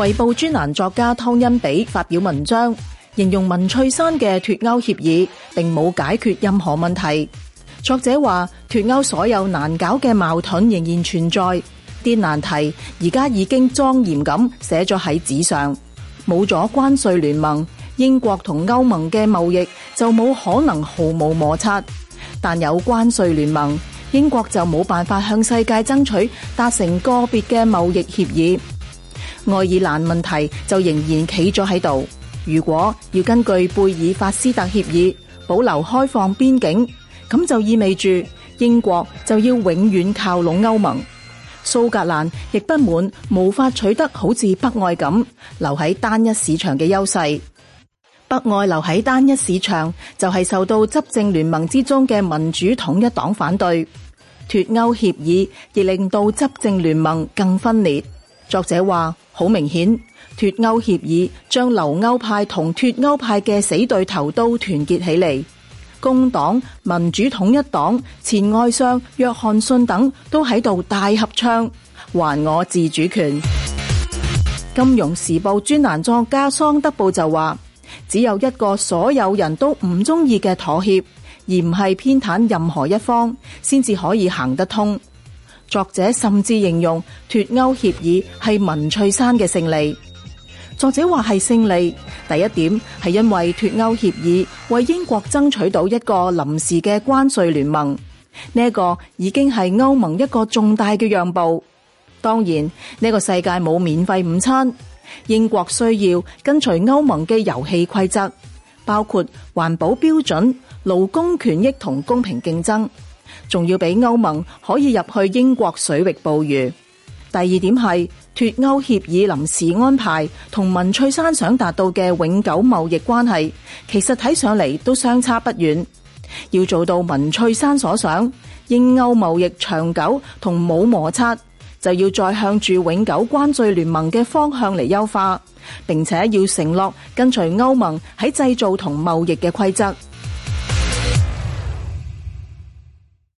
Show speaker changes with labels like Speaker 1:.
Speaker 1: 《衛報》專欄作家湯因比發表文章，形容文翠山嘅脫歐協議並冇解決任何問題。作者話，脫歐所有難搞嘅矛盾仍然存在，啲難題而家已經莊嚴咁寫咗喺紙上，冇咗關稅聯盟，英國同歐盟嘅貿易就冇可能毫無摩擦。但有關稅聯盟，英國就冇辦法向世界爭取達成個別嘅貿易協議。愛爾蘭問題就仍然企咗喺度。如果要根據貝爾法斯特協議保留開放邊境，咁就意味住英國就要永遠靠攏歐盟。蘇格蘭亦不滿無法取得好似北愛咁留喺單一市場嘅優勢。北愛留喺單一市場就係受到執政聯盟之中嘅民主統一黨反對脫歐協議，而令到執政聯盟更分裂。作者話。好明顯，脫歐協議將留歐派同脫歐派嘅死對頭都團結起嚟。工黨、民主統一黨、前外相約翰遜等都喺度大合唱，還我自主權。金融時報專欄作家桑德布就話：只有一個所有人都唔中意嘅妥協，而唔係偏袒任何一方，先至可以行得通。作者甚至形容脫歐協議係文翠山嘅勝利。作者話係勝利，第一點係因為脫歐協議為英國爭取到一個臨時嘅關稅聯盟，呢個已經係歐盟一個重大嘅讓步。當然呢個世界冇免費午餐，英國需要跟隨歐盟嘅遊戲規則，包括環保標準、勞工權益同公平競爭。仲要俾歐盟可以入去英國水域捕魚。第二點係脫歐協議臨時安排同文翠山想達到嘅永久貿易關係，其實睇上嚟都相差不遠。要做到文翠山所想，英歐貿易長久同冇摩擦，就要再向住永久關稅聯盟嘅方向嚟優化，並且要承諾跟隨歐盟喺製造同貿易嘅規則。